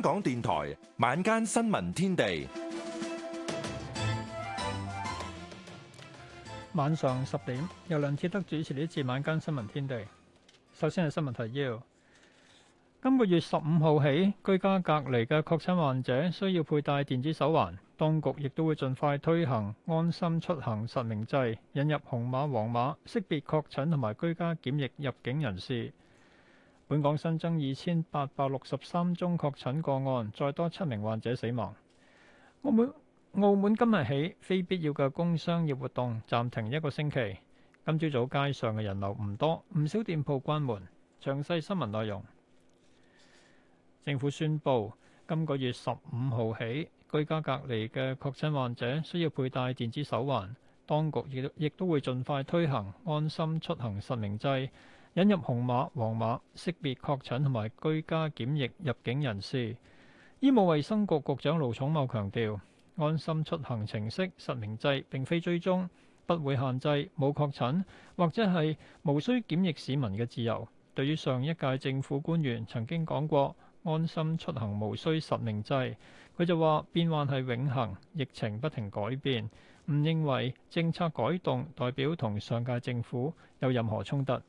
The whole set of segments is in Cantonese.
香港電台晚間新聞天地，晚上十點由梁志德主持呢次晚間新聞天地。首先係新聞提要：今個月十五號起，居家隔離嘅確診患者需要佩戴電子手環，當局亦都會盡快推行安心出行實名制，引入紅碼、黃碼識別確診同埋居家檢疫入境人士。本港新增二千八百六十三宗確診個案，再多七名患者死亡。澳門澳門今日起非必要嘅工商業活動暫停一個星期。今朝早街上嘅人流唔多，唔少店鋪關門。詳細新聞內容，政府宣布今個月十五號起，居家隔離嘅確診患者需要佩戴電子手環。當局亦亦都會盡快推行安心出行實名制。引入紅碼、黃碼識別確診同埋居家檢疫入境人士。醫務衛生局局長盧寵茂強調，安心出行程式實名制並非追蹤，不會限制冇確診或者係無需檢疫市民嘅自由。對於上一屆政府官員曾經講過安心出行無需實名制，佢就話變幻係永恆，疫情不停改變，唔認為政策改動代表同上屆政府有任何衝突。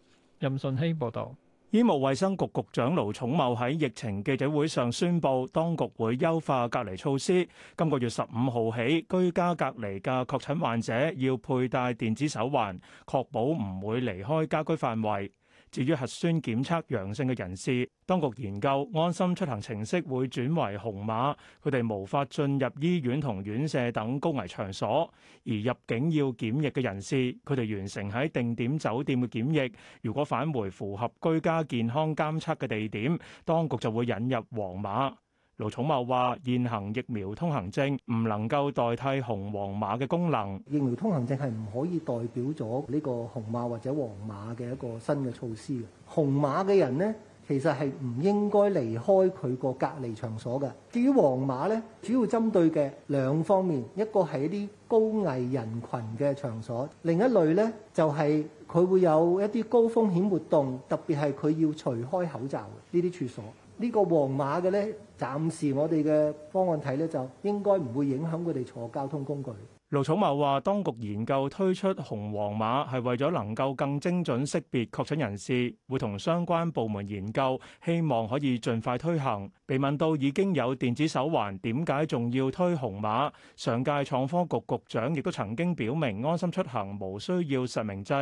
任順希報道，醫務衛生局局長盧寵茂喺疫情記者會上宣布，當局會優化隔離措施。今個月十五號起，居家隔離嘅確診患者要佩戴電子手環，確保唔會離開家居範圍。至於核酸檢測陽性嘅人士，當局研究安心出行程式會轉為紅碼，佢哋無法進入醫院同院舍等高危場所；而入境要檢疫嘅人士，佢哋完成喺定點酒店嘅檢疫，如果返回符合居家健康監測嘅地點，當局就會引入黃碼。盧寵茂話：現行疫苗通行證唔能夠代替紅黃碼嘅功能。疫苗通行證係唔可以代表咗呢個紅碼或者黃碼嘅一個新嘅措施嘅。紅碼嘅人呢，其實係唔應該離開佢個隔離場所嘅。至於黃碼咧，主要針對嘅兩方面，一個係一啲高危人群嘅場所，另一類咧就係、是、佢會有一啲高風險活動，特別係佢要除開口罩嘅呢啲處所。呢個黃碼嘅咧，暫時我哋嘅方案睇咧，就應該唔會影響佢哋坐交通工具。盧寵茂話：當局研究推出紅黃碼，係為咗能夠更精準識別確診人士，會同相關部門研究，希望可以盡快推行。被問到已經有電子手環，點解仲要推紅碼？上屆創科局局長亦都曾經表明，安心出行冇需要實名制。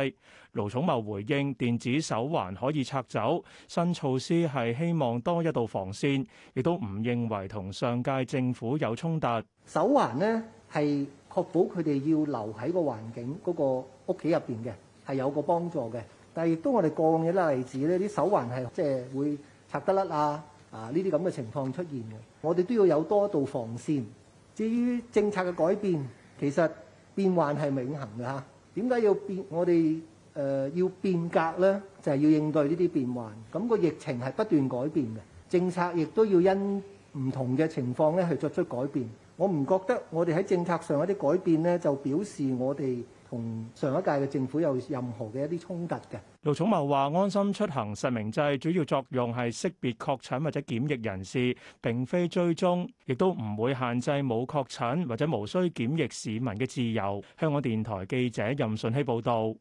盧寵茂回應：電子手環可以拆走，新措施係希望多一道防線，亦都唔認為同上屆政府有衝突。手環呢，係。確保佢哋要留喺個環境嗰個屋企入邊嘅係有個幫助嘅，但係亦都我哋過往嘅例子咧，啲手環係即係會拆得甩啊，啊呢啲咁嘅情況出現嘅，我哋都要有多一道防線。至於政策嘅改變，其實變幻係永恆嘅嚇。點解要變？我哋誒要變革咧，就係要應對呢啲變幻。咁個疫情係不斷改變嘅，政策亦都要因唔同嘅情況咧去作出改變。我唔覺得我哋喺政策上一啲改變呢，就表示我哋同上一屆嘅政府有任何嘅一啲衝突嘅。盧寵茂話：安心出行實名制主要作用係識別確診或者檢疫人士，並非追蹤，亦都唔會限制冇確診或者無需檢疫市民嘅自由。香港電台記者任順希報導。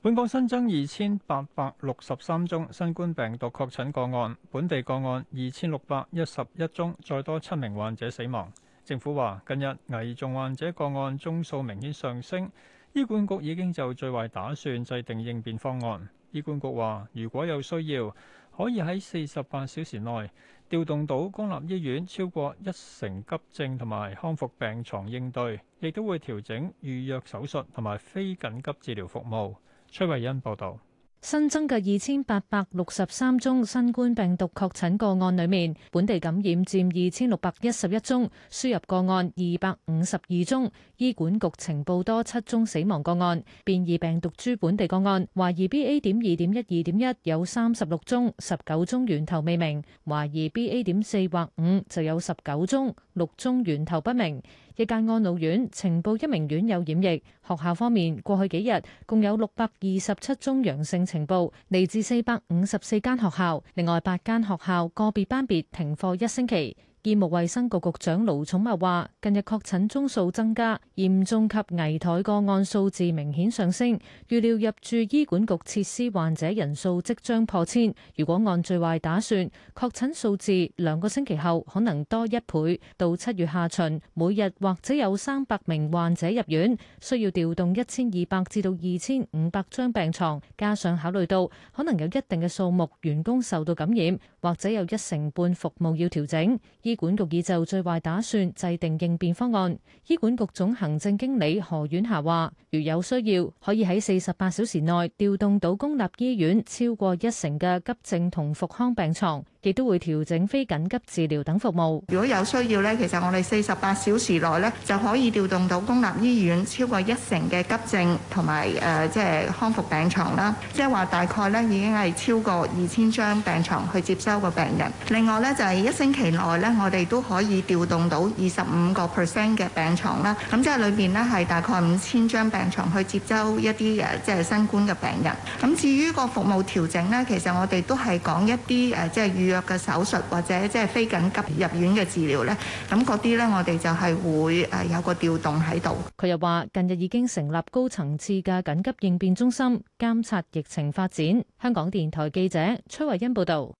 本港新增二千八百六十三宗新冠病毒確診個案，本地個案二千六百一十一宗，再多七名患者死亡。政府話：近日危重患者個案宗數明顯上升，醫管局已經就最壞打算制定應變方案。醫管局話：如果有需要，可以喺四十八小時內調動到公立醫院超過一成急症同埋康復病床應對，亦都會調整預約手術同埋非緊急治療服務。崔慧欣報導。新增嘅二千八百六十三宗新冠病毒確診個案裏面，本地感染佔二千六百一十一宗，輸入個案二百五十二宗。醫管局情報多七宗死亡個案，變異病毒株本地個案，懷疑 B A. 點二點一二點一有三十六宗，十九宗源頭未明；懷疑 B A. 點四或五就有十九宗，六宗源頭不明。一間安老院，呈報一名院友染疫，學校方面，過去幾日共有六百二十七宗陽性呈報嚟自四百五十四間學校，另外八間學校個別班別停課一星期。醫務衛生局局長盧寵茂話，近日確診宗數增加，嚴重及危殆個案數字明顯上升，預料入住醫管局設施患者人數即將破千。如果按最壞打算，確診數字兩個星期後可能多一倍。到七月下旬，每日或者有三百名患者入院，需要調動一千二百至到二千五百張病床。加上考慮到可能有一定嘅數目員工受到感染，或者有一成半服務要調整。醫管局已就最壞打算制定應變方案。醫管局總行政經理何婉霞話，如有需要，可以喺四十八小時內調動到公立醫院超過一成嘅急症同復康病床。亦都會調整非緊急治療等服務。如果有需要咧，其實我哋四十八小時內咧就可以調動到公立醫院超過一成嘅急症同埋誒即係康復病床啦。即係話大概咧已經係超過二千張病床去接收個病人。另外咧就係一星期內咧，我哋都可以調動到二十五個 percent 嘅病床啦。咁即係裏邊咧係大概五千張病床去接收一啲誒即係新冠嘅病人。咁至於個服務調整咧，其實我哋都係講一啲誒即係預就是約嘅手術或者即係非緊急入院嘅治療呢，咁嗰啲呢，我哋就係會誒有個調動喺度。佢又話：近日已經成立高層次嘅緊急應變中心，監察疫情發展。香港電台記者崔慧欣報道：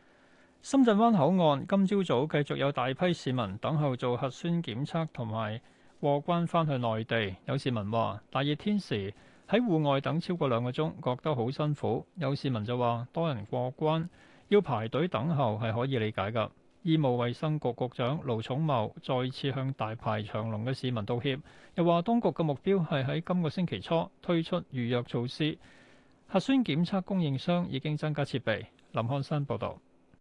「深圳灣口岸今朝早繼續有大批市民等候做核酸檢測，同埋過關返去內地。有市民話：大熱天時喺戶外等超過兩個鐘，覺得好辛苦。有市民就話：多人過關。要排隊等候係可以理解㗎。醫務衛生局局長盧寵茂再次向大排長龍嘅市民道歉，又話當局嘅目標係喺今個星期初推出預約措施。核酸檢測供應商已經增加設備。林漢山報導。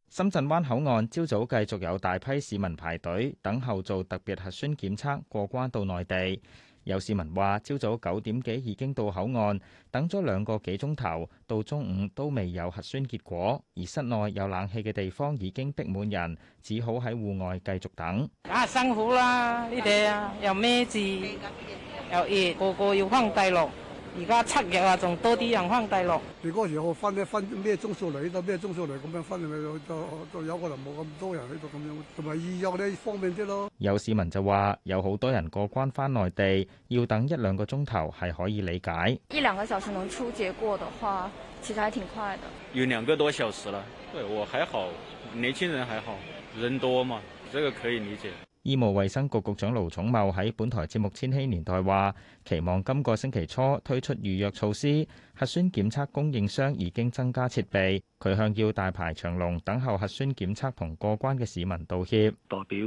深圳灣口岸朝早繼續有大批市民排隊等候做特別核酸檢測，過關到內地。有市民話，朝早九點幾已經到口岸，等咗兩個幾鐘頭，到中午都未有核酸結果，而室內有冷氣嘅地方已經逼滿人，只好喺戶外繼續等。梗係辛苦啦，呢啲啊，又咩字，又熱，個個要放低落。而家七日啊，仲多啲人翻大陸。你嗰時我分咩咩宗數嚟呢？咩宗數嚟咁樣分，咪就就有一個人冇咁多人喺度咁樣，同埋醫藥呢方便啲咯。有市民就話：有好多人過關翻內地，要等一兩個鐘頭係可以理解。一兩個小時能出結果的話，其實係挺快的。有兩個多小時啦，對，我還好，年輕人還好，人多嘛，這個可以理解。醫務衛生局局長盧寵茂喺本台節目《千禧年代》話，期望今個星期初推出預約措施，核酸檢測供應商已經增加設備，佢向要大排長龍等候核酸檢測同過關嘅市民道歉，代表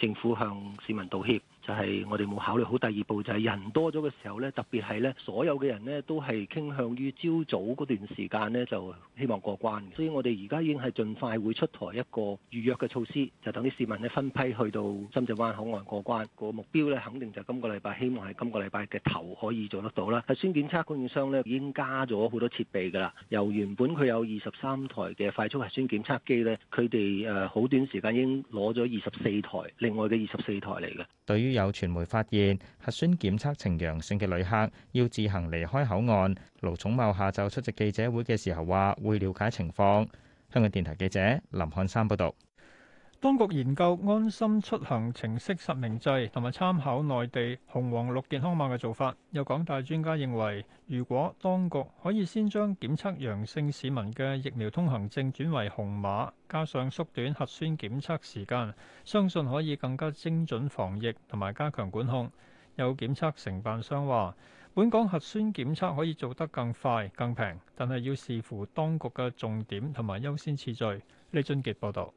政府向市民道歉。係，我哋冇考慮好第二步就係人多咗嘅時候咧，特別係咧，所有嘅人呢，都係傾向於朝早嗰段時間呢，就希望過關。所以我哋而家已經係盡快會出台一個預約嘅措施，就等啲市民呢，分批去到深圳灣口岸過關。個目標咧，肯定就今個禮拜希望係今個禮拜嘅頭可以做得到啦。核酸檢測供應商咧，已經加咗好多設備㗎啦，由原本佢有二十三台嘅快速核酸檢測機咧，佢哋誒好短時間已經攞咗二十四台，另外嘅二十四台嚟嘅。對於有傳媒發現核酸檢測呈陽性嘅旅客要自行離開口岸。盧寵茂下晝出席記者會嘅時候話，會了解情況。香港電台記者林漢山報道。當局研究安心出行程式實名制，同埋參考內地紅黃綠健康碼嘅做法。有港大專家認為，如果當局可以先將檢測陽性市民嘅疫苗通行證轉為紅碼，加上縮短核酸檢測時間，相信可以更加精準防疫同埋加強管控。有檢測承辦商話：本港核酸檢測可以做得更快、更平，但係要視乎當局嘅重點同埋優先次序。李俊傑報導。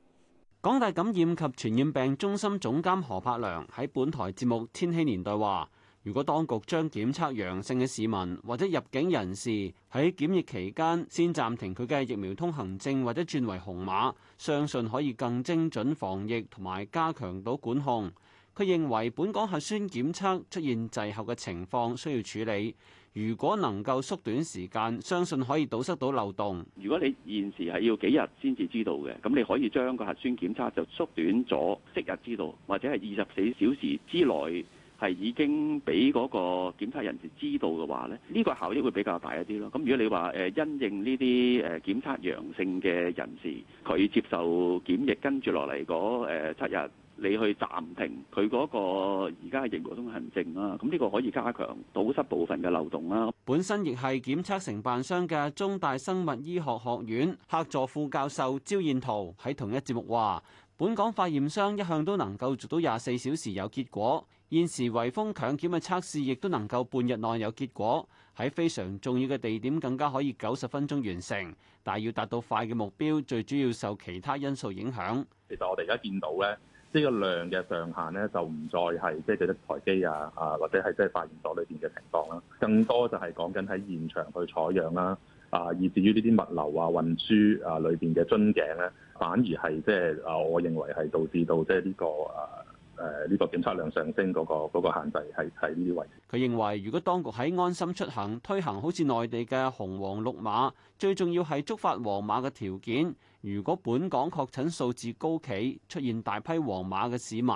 港大感染及傳染病中心總監何柏良喺本台節目《千禧年代》話，如果當局將檢測陽性嘅市民或者入境人士喺檢疫期間先暫停佢嘅疫苗通行證或者轉為紅碼，相信可以更精準防疫同埋加強到管控。佢認為本港核酸檢測出現滯後嘅情況需要處理。如果能夠縮短時間，相信可以堵塞到漏洞。如果你現時係要幾日先至知道嘅，咁你可以將個核酸檢測就縮短咗，即日知道，或者係二十四小時之內係已經俾嗰個檢測人士知道嘅話咧，呢個效益會比較大一啲咯。咁如果你話誒因應呢啲誒檢測陽性嘅人士，佢接受檢疫跟住落嚟嗰七日。你去暫停佢嗰個而家嘅通行證啦，咁呢個可以加強堵塞部分嘅漏洞啦。本身亦係檢測承辦商嘅中大生物醫學學院客座副教授焦燕濤喺同一節目話本港化驗商一向都能夠做到廿四小時有結果，現時圍封強檢嘅測試亦都能夠半日內有結果，喺非常重要嘅地點更加可以九十分鐘完成。但係要達到快嘅目標，最主要受其他因素影響，其實我哋而家見到咧。呢個量嘅上限咧，就唔再係即係只得台機啊啊，或者係即係化驗所裏邊嘅情況啦，更多就係講緊喺現場去採樣啦啊，以至於呢啲物流啊、運輸啊裏邊嘅樽頸咧，反而係即係啊，我認為係導致到即係呢個啊。誒呢個檢測量上升嗰個嗰個限制係喺呢啲位。佢認為，如果當局喺安心出行推行好似內地嘅紅黃綠碼，最重要係觸發黃碼嘅條件。如果本港確診數字高企，出現大批黃碼嘅市民，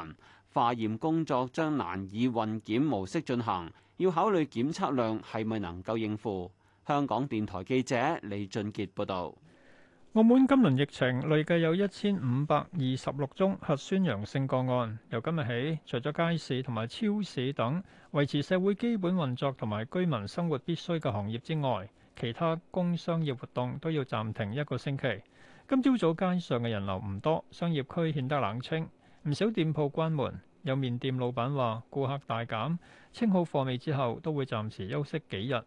化驗工作將難以混檢模式進行，要考慮檢測量係咪能夠應付。香港電台記者李俊傑報導。澳門今輪疫情累計有一千五百二十六宗核酸陽性個案。由今日起，除咗街市同埋超市等維持社會基本運作同埋居民生活必需嘅行業之外，其他工商業活動都要暫停一個星期。今朝早街上嘅人流唔多，商業區顯得冷清，唔少店鋪關門。有麵店老闆話，顧客大減，清好貨尾之後都會暫時休息幾日。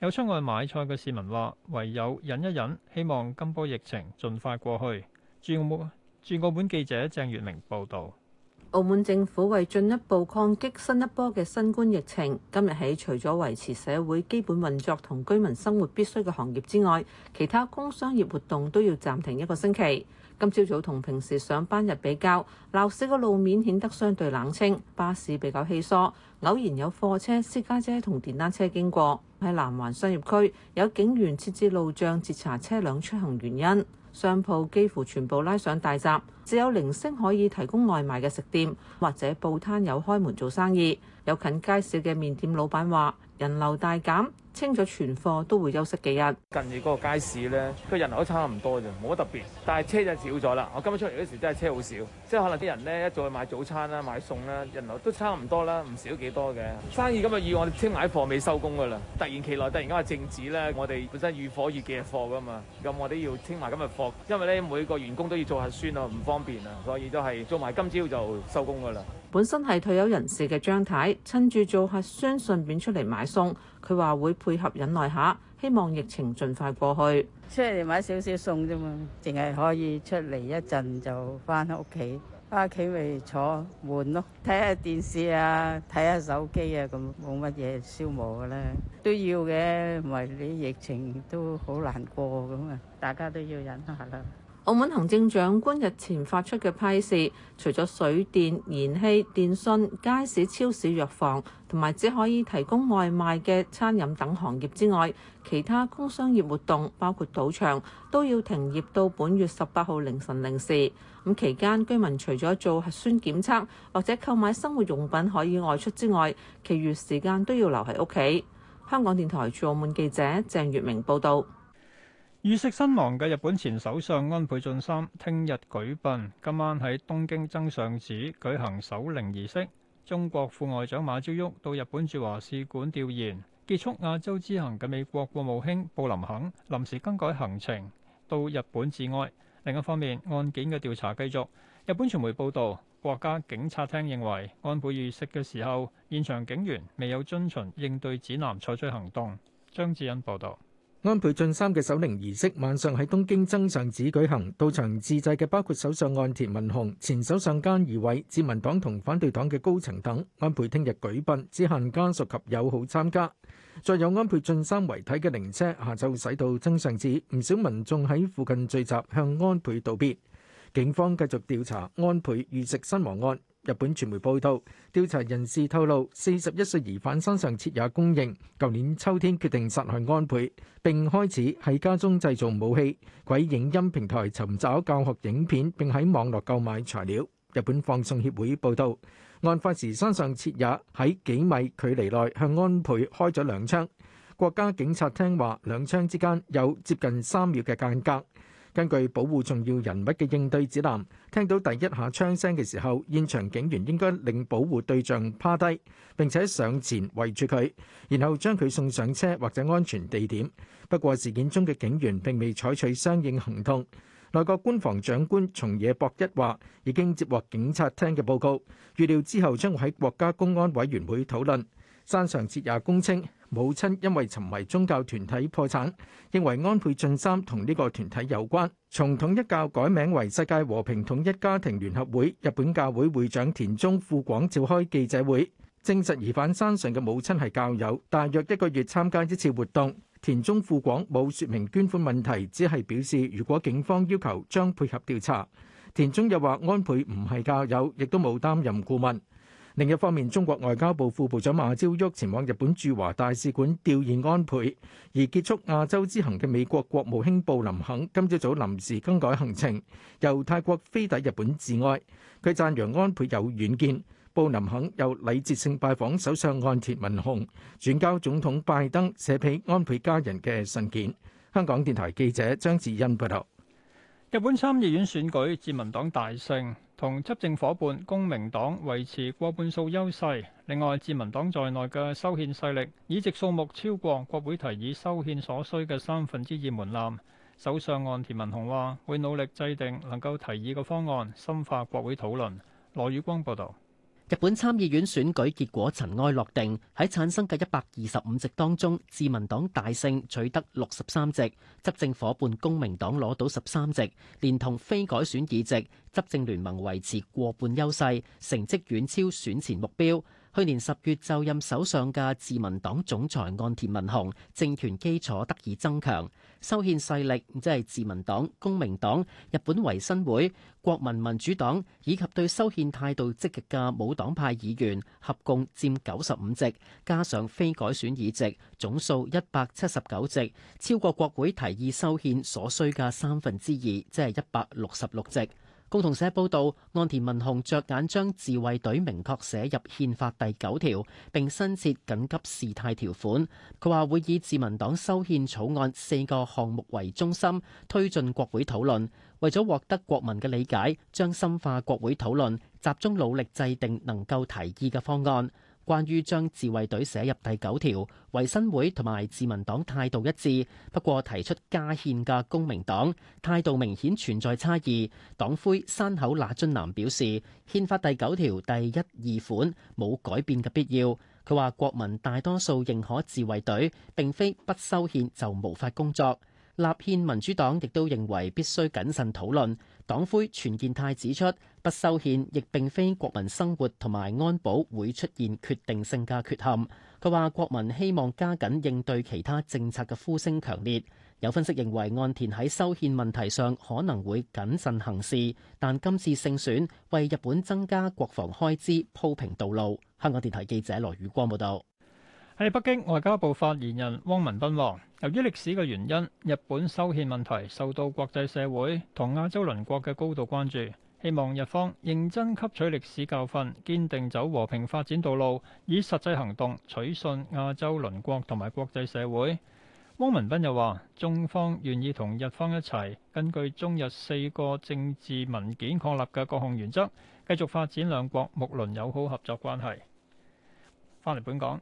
有出外買菜嘅市民話：唯有忍一忍，希望今波疫情盡快過去。駐澳門，駐澳門記者鄭月明報導。澳門政府為進一步抗擊新一波嘅新冠疫情，今日起除咗維持社會基本運作同居民生活必需嘅行業之外，其他工商業活動都要暫停一個星期。今朝早同平時上班日比較，鬧市嘅路面顯得相對冷清，巴士比較稀疏，偶然有貨車、私家車同電單車經過。喺南環商業區，有警員設置路障截，截查車輛出行原因。商鋪幾乎全部拉上大閘，只有零星可以提供外賣嘅食店或者報攤有開門做生意。有近街市嘅麵店老闆話：人流大減。清咗存貨都會休息幾日。近住嗰個街市咧，佢人流都差唔多啫，冇乜特別。但係車就少咗啦。我今日出嚟嗰時真係車好少，即係可能啲人咧一早去買早餐啦、買餸啦，人流都差唔多啦，唔少幾多嘅生意。今日要我哋清埋貨未收工㗎啦。突然其來，突然間話靜止咧，我哋本身預火預嘅貨㗎嘛，咁我哋要清埋今日貨，因為咧每個員工都要做核酸啊，唔方便啊，所以都係做埋今朝就收工㗎啦。本身係退休人士嘅張太，趁住做核酸，順便出嚟買餸。佢話會配合忍耐下，希望疫情盡快過去。出嚟買少少餸啫嘛，淨係可以出嚟一陣就翻屋企，翻屋企咪坐門咯，睇下電視啊，睇下手機啊，咁冇乜嘢消磨噶啦。都要嘅，唔係你疫情都好難過咁啊，大家都要忍下啦。澳門行政長官日前發出嘅批示，除咗水電、燃氣、電信、街市、超市、藥房同埋只可以提供外賣嘅餐飲等行業之外，其他工商業活動包括賭場都要停業到本月十八號凌晨零時。咁期間，居民除咗做核酸檢測或者購買生活用品可以外出之外，其餘時間都要留喺屋企。香港電台駐澳門記者鄭月明報道。遇襲身亡嘅日本前首相安倍晉三聽日舉殯，今晚喺東京增上寺舉行守靈儀式。中國副外長馬朝旭到日本駐華使館弔唁。結束亞洲之行嘅美國國務卿布林肯臨時更改行程到日本致哀。另一方面，案件嘅調查繼續。日本傳媒報道，國家警察廳認為安倍遇襲嘅時候，現場警員未有遵循應對指南採取行動。張志恩報道。安倍晉三嘅守靈儀式晚上喺東京增上寺舉行，到場致祭嘅包括首相岸田文雄、前首相菅義偉、自民黨同反對黨嘅高層等。安倍聽日舉殯，只限家屬及友好參加。載有安倍晉三遺體嘅靈車下晝駛到增上寺，唔少民眾喺附近聚集向安倍道別。警方繼續調查安倍遇襲身亡案。日本傳媒報道，調查人士透露，四十一歲疑犯山上徹也供認，舊年秋天決定殺害安倍，並開始喺家中製造武器，喺影音平台尋找教學影片，並喺網絡購買材料。日本放送協會報道，案發時山上徹也喺幾米距離內向安倍開咗兩槍，國家警察廳話兩槍之間有接近三秒嘅間隔。根據保護重要人物嘅應對指南，聽到第一下槍聲嘅時候，現場警員應該令保護對象趴低，並且上前圍住佢，然後將佢送上車或者安全地點。不過事件中嘅警員並未採取相應行動。內閣官房長官松野博一話已經接獲警察廳嘅報告，預料之後將會喺國家公安委員會討論。山上哲也供稱母親因為沉迷宗教團體破產，認為安倍晉三同呢個團體有關。從統一教改名為世界和平統一家庭聯合會，日本教會會長田中富廣召開記者會，證實疑犯山上嘅母親係教友，大約一個月參加一次活動。田中富廣冇説明捐款問題，只係表示如果警方要求，將配合調查。田中又話：安倍唔係教友，亦都冇擔任顧問。另一方面，中國外交部副部長馬朝旭前往日本駐華大使館吊唁安倍，而結束亞洲之行嘅美國國務卿布林肯今朝早臨時更改行程，由泰國飛抵日本致哀。佢讚揚安倍有遠見，布林肯又禮節性拜訪首相岸田文雄，轉交總統拜登寫俾安倍家人嘅信件。香港電台記者張智欣報道。日本參議院選舉自民黨大勝。同執政伙伴公明黨維持過半數優勢，另外自民黨在內嘅修憲勢力，議席數目超過國會提議修憲所需嘅三分之二門檻。首相岸田文雄話會努力制定能夠提議嘅方案，深化國會討論。羅宇光報道。日本參議院選舉結果塵埃落定，喺產生嘅一百二十五席當中，自民黨大勝，取得六十三席；執政夥伴公明黨攞到十三席，連同非改選議席，執政聯盟維持過半優勢，成績遠超選前目標。去年十月就任首相嘅自民黨總裁岸田文雄，政權基礎得以增強，修憲勢力即係自民黨、公明黨、日本維新會、國民民主黨以及對修憲態度積極嘅冇黨派議員，合共佔九十五席，加上非改選議席，總數一百七十九席，超過國會提議修憲所需嘅三分之二，即係一百六十六席。共同社報道，岸田文雄着眼將自衛隊明確寫入憲法第九條，並新設緊急事態條款。佢話會以自民黨修憲草案四個項目為中心，推進國會討論，為咗獲得國民嘅理解，將深化國會討論，集中努力制定能夠提議嘅方案。關於將自衛隊寫入第九條，維新會同埋自民黨態度一致，不過提出加憲嘅公明黨態度明顯存在差異。黨魁山口那津男表示，憲法第九條第一、二款冇改變嘅必要。佢話國民大多數認可自衛隊，並非不修憲就無法工作。立憲民主黨亦都認為必須謹慎討論。黨魁全健泰指出，不修憲亦並非國民生活同埋安保會出現決定性嘅缺陷。佢話：國民希望加緊應對其他政策嘅呼聲強烈。有分析認為，岸田喺修憲問題上可能會謹慎行事，但今次勝選為日本增加國防開支鋪平道路。香港電台記者羅宇光報道。喺北京，外交部發言人汪文斌話。由於歷史嘅原因，日本修憲問題受到國際社會同亞洲鄰國嘅高度關注，希望日方認真吸取歷史教訓，堅定走和平發展道路，以實際行動取信亞洲鄰國同埋國際社會。汪文斌又話：中方願意同日方一齊，根據中日四個政治文件確立嘅各項原則，繼續發展兩國睦鄰友好合作關係。翻嚟本港。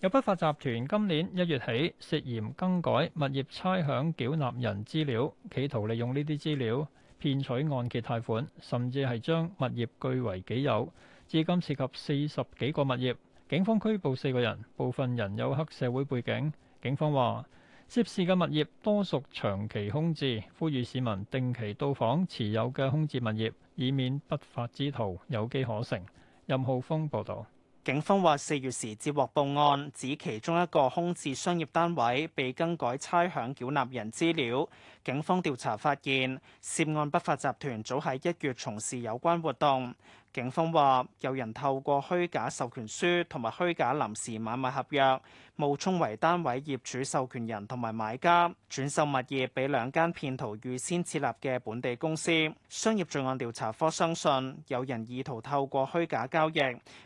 有不法集團今年一月起涉嫌更改物業差餉繳納人資料，企圖利用呢啲資料騙取按揭貸款，甚至係將物業據為己有。至今涉及四十幾個物業，警方拘捕四個人，部分人有黑社會背景。警方話，涉事嘅物業多屬長期空置，呼籲市民定期到訪持有嘅空置物業，以免不法之徒有機可乘。任浩峰報導。警方話：四月時接獲報案，指其中一個空置商業單位被更改差餉繳納人資料。警方調查發現，涉案不法集團早喺一月從事有關活動。警方話，有人透過虛假授權書同埋虛假臨時買賣合約，冒充為單位業主授權人同埋買家，轉售物業俾兩間騙徒預先設立嘅本地公司。商業罪案調查科相信，有人意圖透過虛假交易，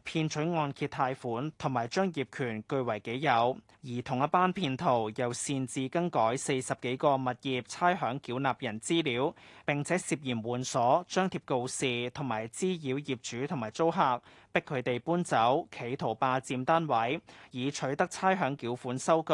騙取按揭貸款同埋將業權據為己有，而同一班騙徒又擅自更改四十幾個物業差餉繳納人資料，並且涉嫌換鎖、張貼告示同埋滋擾業業主同埋租客逼佢哋搬走，企圖霸佔單位，以取得差餉繳款收據，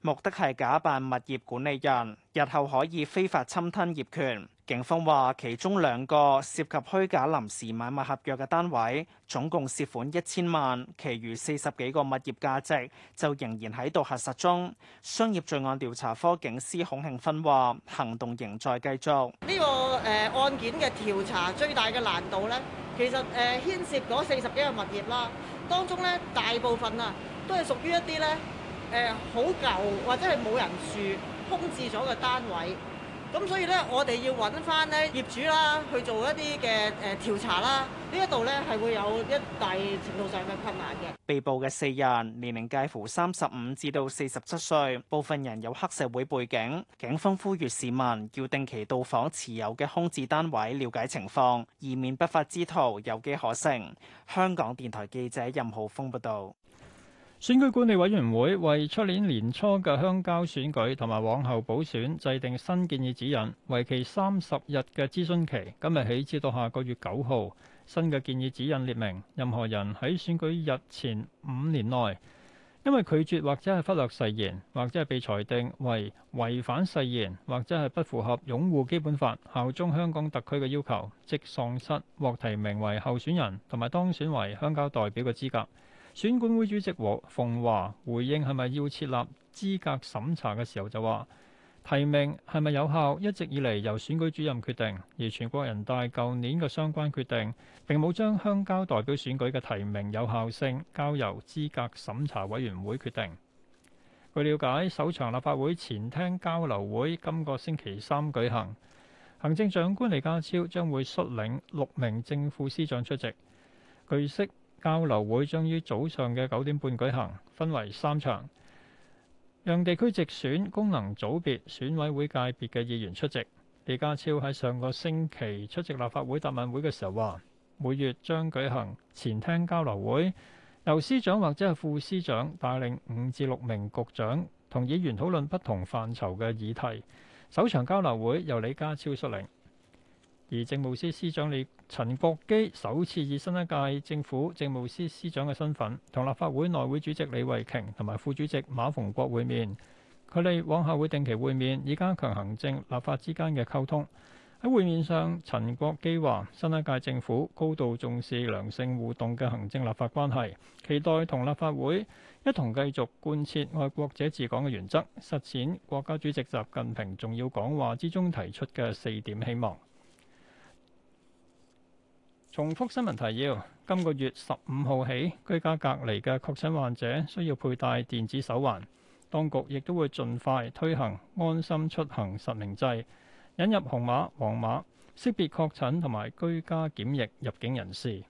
目的係假扮物業管理人，日後可以非法侵吞業權。警方話，其中兩個涉及虛假臨時買賣合約嘅單位，總共涉款一千萬，其餘四十幾個物業價值就仍然喺度核實中。商業罪案調查科警司孔慶芬話，行動仍在繼續。呢個案件嘅調查最大嘅難度呢？其實誒牽涉、呃、嗰四十幾個物業啦，當中咧大部分啊都係屬於一啲咧誒好舊或者係冇人住空置咗嘅單位。咁所以咧，我哋要揾翻咧業主啦，去做一啲嘅誒調查啦。呢一度咧係會有一大程度上嘅困難嘅。被捕嘅四人年齡介乎三十五至到四十七歲，部分人有黑社會背景。警方呼籲市民要定期到訪持有嘅空置單位，了解情況，以免不法之徒有機可乘。香港電台記者任浩峰報道。選舉管理委員會為出年年初嘅鄉郊選舉同埋往後補選制定新建議指引，為期三十日嘅諮詢期，今日起至到下個月九號。新嘅建議指引列明，任何人喺選舉日前五年內，因為拒絕或者係忽略誓言，或者係被裁定為違反誓言，或者係不符合擁護基本法、效忠香港特區嘅要求，即喪失獲提名為候選人同埋當選為鄉郊代表嘅資格。選管會主席和馮驊回應係咪要設立資格審查嘅時候就話提名係咪有效一直以嚟由選舉主任決定，而全國人大舊年嘅相關決定並冇將鄉郊代表選舉嘅提名有效性交由資格審查委員會決定。據了解，首場立法會前廳交流會今個星期三舉行，行政長官李家超將會率領六名正副司長出席。據悉。交流會將於早上嘅九點半舉行，分為三場，讓地區直選、功能組別、選委會界別嘅議員出席。李家超喺上個星期出席立法會答問會嘅時候話，每月將舉行前廳交流會，由司長或者係副司長帶領五至六名局長同議員討論不同範疇嘅議題。首場交流會由李家超率領。而政務司司長李陳國基首次以新一屆政府政務司司長嘅身份，同立法會內會主席李慧瓊同埋副主席馬逢國會面。佢哋往後會定期會面，以加強行政立法之間嘅溝通。喺會面上，陳國基話新一屆政府高度重視良性互動嘅行政立法關係，期待同立法會一同繼續貫徹愛國者治港嘅原則，實踐國家主席習近平重要講話之中提出嘅四點希望。重複新聞提要：今個月十五號起，居家隔離嘅確診患者需要佩戴電子手環。當局亦都會盡快推行安心出行實名制，引入紅碼、黃碼，識別確診同埋居家檢疫入境人士。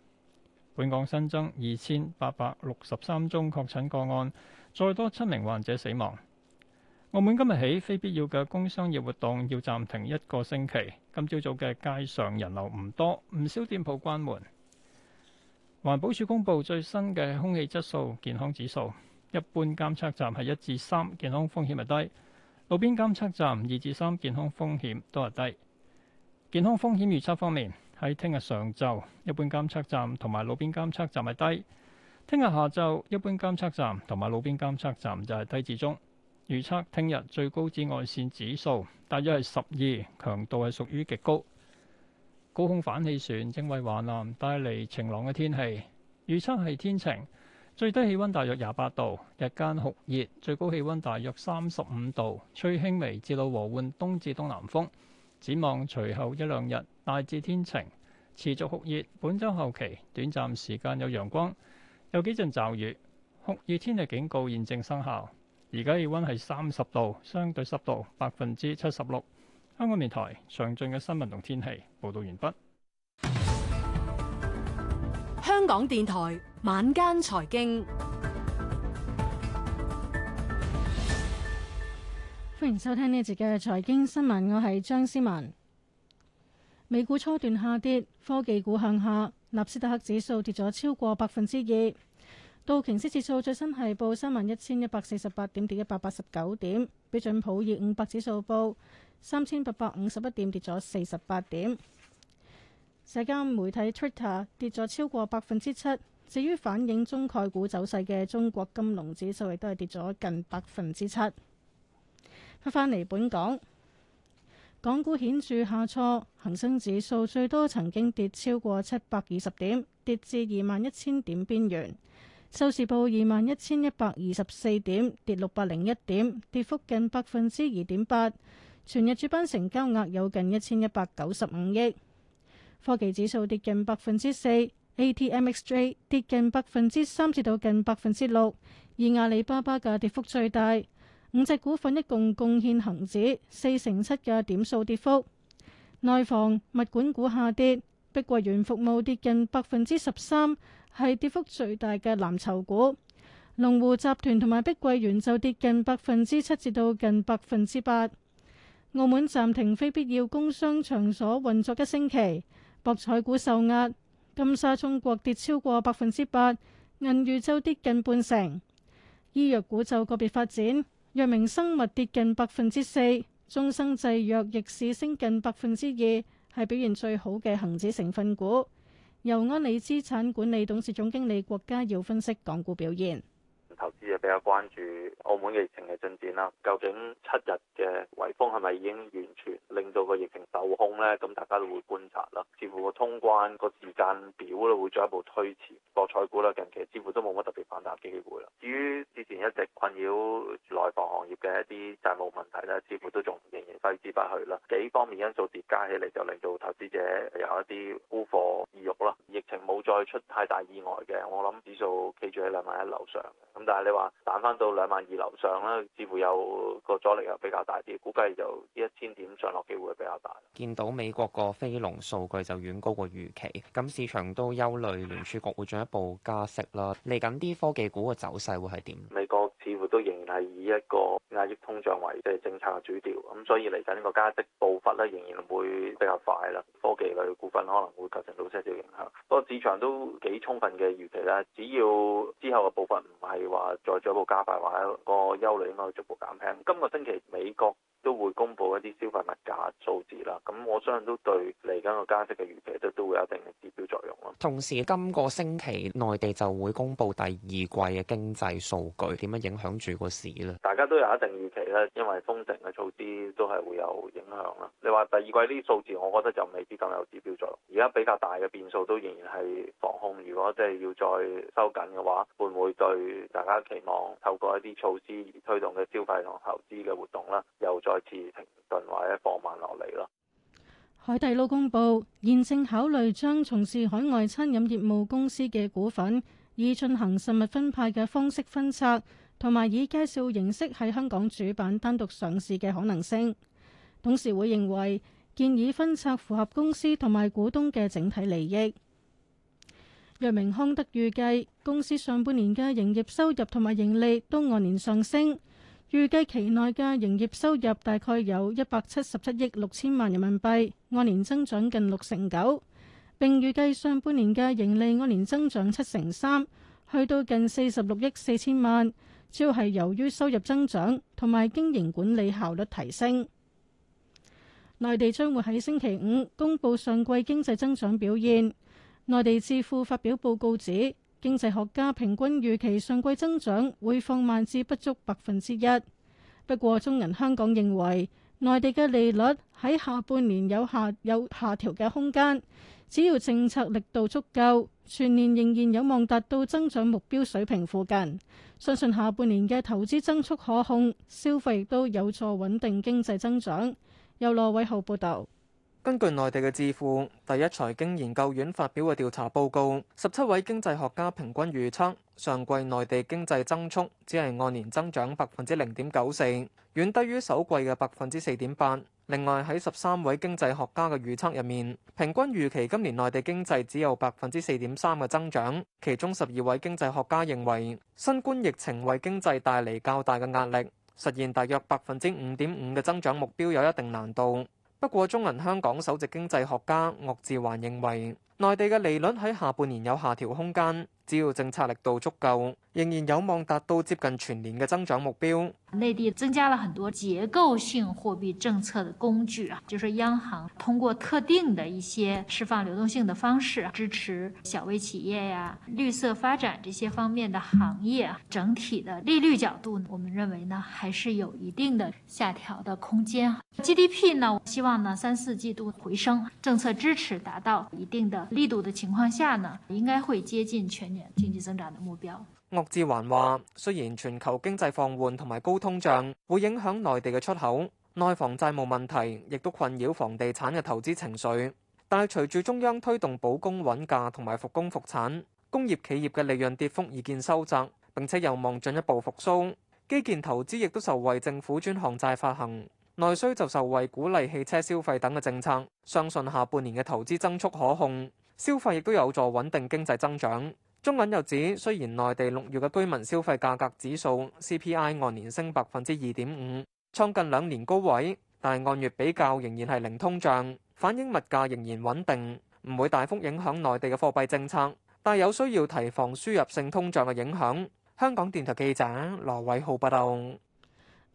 本港新增二千八百六十三宗確診個案，再多七名患者死亡。澳門今日起非必要嘅工商業活動要暫停一個星期。今朝早嘅街上人流唔多，唔少店鋪關門。環保署公布最新嘅空氣質素健康指數，一般監測站係一至三，健康風險係低；路邊監測站二至三，健康風險都係低。健康風險預測方面，喺聽日上晝，一般監測站同埋路邊監測站係低；聽日下晝，一般監測站同埋路邊監測站就係低至中。預測聽日最高紫外線指數大約係十二，強度係屬於極高。高空反氣旋正為華南帶嚟晴朗嘅天氣，預測係天晴，最低氣温大約廿八度，日間酷熱，最高氣温大約三十五度，吹輕微至到和緩東至東南風。展望隨後一兩日大致天晴，持續酷熱。本週後期短暫時間有陽光，有幾陣驟雨，酷熱天氣警告現正生效。而家氣溫係三十度，相對濕度百分之七十六。香港電台詳盡嘅新聞同天氣報道完畢。香港電台晚間財經，歡迎收聽呢一節嘅財經新聞，我係張思文。美股初段下跌，科技股向下，納斯達克指數跌咗超過百分之二。道瓊斯指數最新係報三萬一千一百四十八點，跌一百八十九點。標準普爾五百指數報三千八百五十一點，跌咗四十八點。社交媒體 Twitter 跌咗超過百分之七。至於反映中概股走勢嘅中國金龍指數亦都係跌咗近百分之七。翻返嚟本港，港股顯著下挫，恒生指數最多曾經跌超過七百二十點，跌至二萬一千點邊緣。收市報二萬一千一百二十四點，跌六百零一點，跌幅近百分之二點八。全日主板成交額有近一千一百九十五億。科技指數跌近百分之四，ATMXJ 跌近百分之三至到近百分之六，而阿里巴巴嘅跌幅最大。五隻股份一共貢獻恒指四成七嘅點數跌幅。內房物管股下跌，碧桂園服務跌近百分之十三。係跌幅最大嘅藍籌股，龍湖集團同埋碧桂園就跌近百分之七至到近百分之八。澳門暫停非必要工商場所運作一星期，博彩股受壓，金沙中國跌超過百分之八，銀娛就跌近半成。醫藥股就個別發展，藥明生物跌近百分之四，中生製藥逆市升近百分之二，係表現最好嘅恒指成分股。由安理資產管理董事總經理郭家耀分析港股表現。比較關注澳門疫情嘅進展啦，究竟七日嘅圍封係咪已經完全令到個疫情受控呢？咁大家都會觀察啦。似乎個通關個時間表咧會進一步推遲，博彩股啦近期似乎都冇乜特別反彈機會啦。至於之前一直困擾內房行業嘅一啲債務問題咧，似乎都仲仍然揮之不去啦。幾方面因素疊加起嚟，就令到投資者有一啲沽貨意欲啦。疫情冇再出太大意外嘅，我諗指數企住喺兩萬一樓上咁，但係你話。彈翻到兩萬二樓上咧，似乎有個阻力又比較大啲，估計由一千點上落機會比較大。見到美國個非農數據就遠高過預期，咁市場都憂慮聯儲局會進一步加息啦。嚟緊啲科技股嘅走勢會係點？美國。係以一個壓抑通脹為即係政策嘅主調，咁所以嚟緊個加息步伐咧仍然會比較快啦。科技類股份可能會構成到些少影響，個市場都幾充分嘅預期啦。只要之後嘅步伐唔係話再進一步加快，或者個憂慮應該會逐步減輕。今個星期美國都會公布一啲消費物價數字啦，咁我相信都對嚟緊個加息嘅預期都都會有一定嘅指標作用。同時，今個星期內地就會公布第二季嘅經濟數據，點樣影響住個市呢？大家都有一定預期咧，因為封城嘅措施都係會有影響啦。你話第二季呢啲數字，我覺得就未必咁有指標作用。而家比較大嘅變數都仍然係防控。如果即係要再收緊嘅話，會唔會對大家期望透過一啲措施而推動嘅消費同投資嘅活動咧，又再次停頓或者放慢落嚟咯？海底撈公佈，現正考慮將從事海外餐飲業務公司嘅股份，以進行實物分派嘅方式分拆，同埋以介紹形式喺香港主板單獨上市嘅可能性。董事會認為，建議分拆符合公司同埋股東嘅整體利益。藥明康德預計，公司上半年嘅營業收入同埋盈利都按年上升。預計期內嘅營業收入大概有一百七十七億六千萬人民幣，按年增長近六成九，並預計上半年嘅盈利按年增長七成三，去到近四十六億四千萬，主要係由於收入增長同埋經營管理效率提升。內地將會喺星期五公布上季經濟增長表現，內地智庫發表報告指。經濟學家平均預期上季增長會放慢至不足百分之一。不過，中銀香港認為內地嘅利率喺下半年有下有下調嘅空間，只要政策力度足夠，全年仍然有望達到增長目標水平附近。相信下半年嘅投資增速可控，消費亦都有助穩定經濟增長。由羅偉浩報道。根據內地嘅智庫第一財經研究院發表嘅調查報告，十七位經濟學家平均預測上季內地經濟增速只係按年增長百分之零點九四，遠低於首季嘅百分之四點八。另外喺十三位經濟學家嘅預測入面，平均預期今年內地經濟只有百分之四點三嘅增長。其中十二位經濟學家認為，新冠疫情為經濟帶嚟較大嘅壓力，實現大約百分之五點五嘅增長目標有一定難度。不過，中銀香港首席經濟學家岳志環認為，內地嘅利率喺下半年有下調空間，只要政策力度足夠。仍然有望達到接近全年的增長目標。內地增加了很多結構性貨幣政策的工具啊，就是央行通過特定的一些釋放流動性的方式，支持小微企業、啊、呀、綠色發展這些方面的行業。整體的利率角度呢，我們認為呢，還是有一定的下調的空間。GDP 呢，我希望呢三四季度回升，政策支持達到一定的力度的情況下呢，應該會接近全年經濟增長的目標。岳志環話：雖然全球經濟放緩同埋高通脹會影響內地嘅出口，內房債務問題亦都困擾房地產嘅投資情緒，但係隨住中央推動保供穩價同埋復工復產，工業企業嘅利潤跌幅已見收窄，並且有望進一步復甦。基建投資亦都受惠政府專項債發行，內需就受惠鼓勵汽車消費等嘅政策，相信下半年嘅投資增速可控，消費亦都有助穩定經濟增長。中銀又指，雖然內地六月嘅居民消費價格指數 CPI 按年升百分之二點五，創近兩年高位，但按月比較仍然係零通脹，反映物價仍然穩定，唔會大幅影響內地嘅貨幣政策，但有需要提防輸入性通脹嘅影響。香港電台記者羅偉浩報道。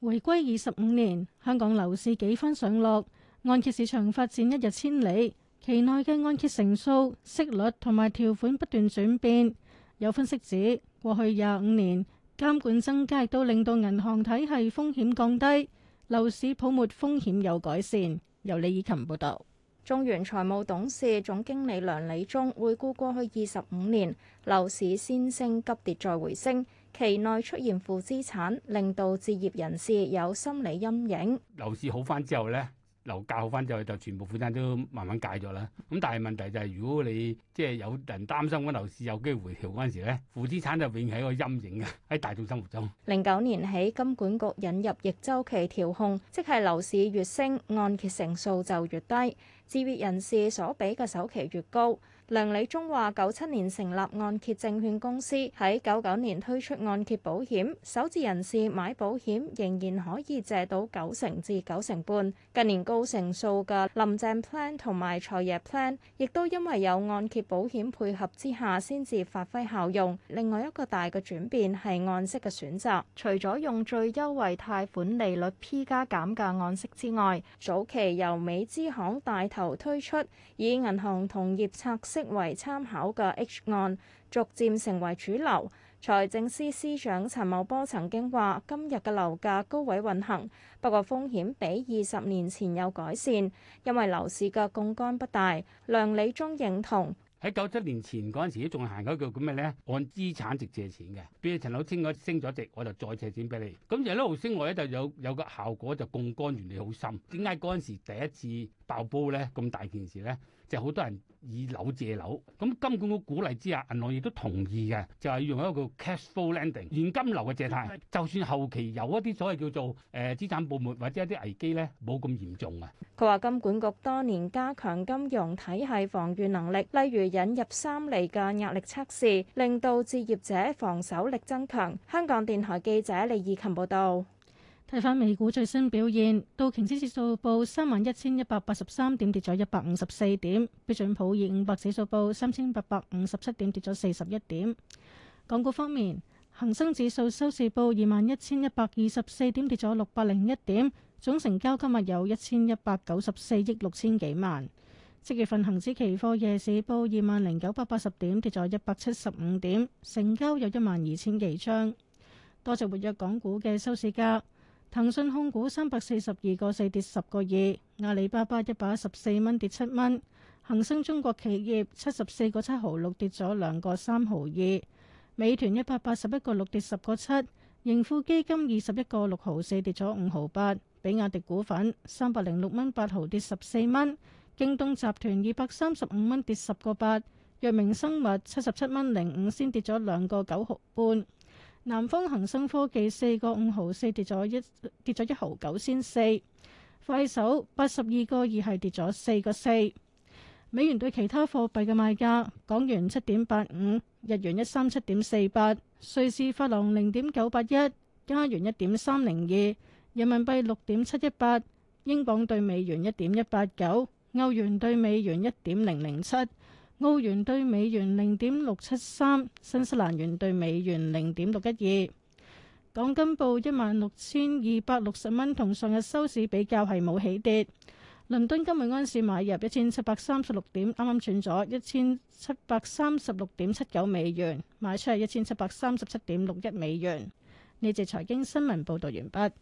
回歸二十五年，香港樓市幾番上落，按揭市場發展一日千里。期內嘅按揭成數、息率同埋條款不斷轉變，有分析指過去廿五年監管增加，亦都令到銀行體系風險降低，樓市泡沫風險有改善。由李以琴報導。中原財務董事總經理梁理忠回顧過去二十五年樓市先升急跌再回升，期內出現負資產，令到置業人士有心理陰影。樓市好翻之後呢。樓價好返之後，就全部負債都慢慢解咗啦。咁但係問題就係，如果你即係有人擔心嗰樓市有機會回調嗰陣時咧，負資產就永遠係一個陰影嘅喺大眾生活中。零九年起，金管局引入逆周期調控，即係樓市越升，按揭成數就越低，置業人士所俾嘅首期越高。梁理忠話：九七年成立按揭證券公司，喺九九年推出按揭保險，首置人士買保險仍然可以借到九成至九成半。近年高成數嘅林鄭 plan 同埋財爺 plan，亦都因為有按揭保險配合之下先至發揮效用。另外一個大嘅轉變係按息嘅選擇，除咗用最優惠貸款利率 P 加減嘅按息之外，早期由美資行帶頭推出以銀行同業拆息為參考嘅 H 案，逐漸成為主流。財政司司長陳茂波曾經話：今日嘅樓價高位運行，不過風險比二十年前有改善，因為樓市嘅槓桿不大。梁理忠認同：喺九七年前嗰陣時，仲行緊叫叫咩咧？按資產值借錢嘅，比如陳老清嗰升咗值，我就再借錢俾你。咁而一路升外咧，就有有個效果就槓桿原理好深。點解嗰陣時第一次？爆煲咧，咁大件事咧，就好多人以樓借樓，咁金管局鼓勵之下，銀行亦都同意嘅，就係用一個叫 cash flow lending 現金流嘅借貸，就算後期有一啲所謂叫做誒資產泡沫或者一啲危機咧，冇咁嚴重啊。佢話金管局多年加強金融體系防御能力，例如引入三厘嘅壓力測試，令到置業者防守力增強。香港電台記者李以琴報道。睇翻美股最新表現，道瓊斯指數報三萬一千一百八十三點，跌咗一百五十四點；標準普爾五百指數報三千八百五十七點，跌咗四十一點。港股方面，恒生指數收市報二萬一千一百二十四點，跌咗六百零一點。總成交今日有一千一百九十四億六千幾萬。即月份恒指期貨夜市報二萬零九百八十點，跌咗一百七十五點，成交有一萬二千幾張。多謝活躍港股嘅收市價。騰訊控股三百四十二個四跌十個二，阿里巴巴一百一十四蚊跌七蚊，恒生中國企業七十四個七毫六跌咗兩個三毫二，美團一百八十一個六跌十個七，盈富基金二十一個六毫四跌咗五毫八，比亞迪股份三百零六蚊八毫跌十四蚊，京東集團二百三十五蚊跌十個八，藥明生物七十七蚊零五先跌咗兩個九毫半。南方恒生科技四個五毫四，跌咗一跌咗一毫九仙四。快手八十二個二，係跌咗四個四。美元對其他貨幣嘅賣價：港元七點八五，日元一三七點四八，瑞士法郎零點九八一，加元一點三零二，人民幣六點七一八，英鎊對美元一點一八九，歐元對美元一點零零七。澳元兌美元零點六七三，新西蘭元兌美元零點六一二，港金報一萬六千二百六十蚊，同上日收市比較係冇起跌。倫敦今日安市買入一千七百三十六點，啱啱轉咗一千七百三十六點七九美元，賣出係一千七百三十七點六一美元。呢節財經新聞報道完畢。